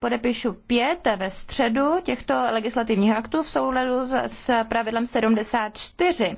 podepíšu pět ve středu těchto legislativních aktů v souladu s pravidlem 74.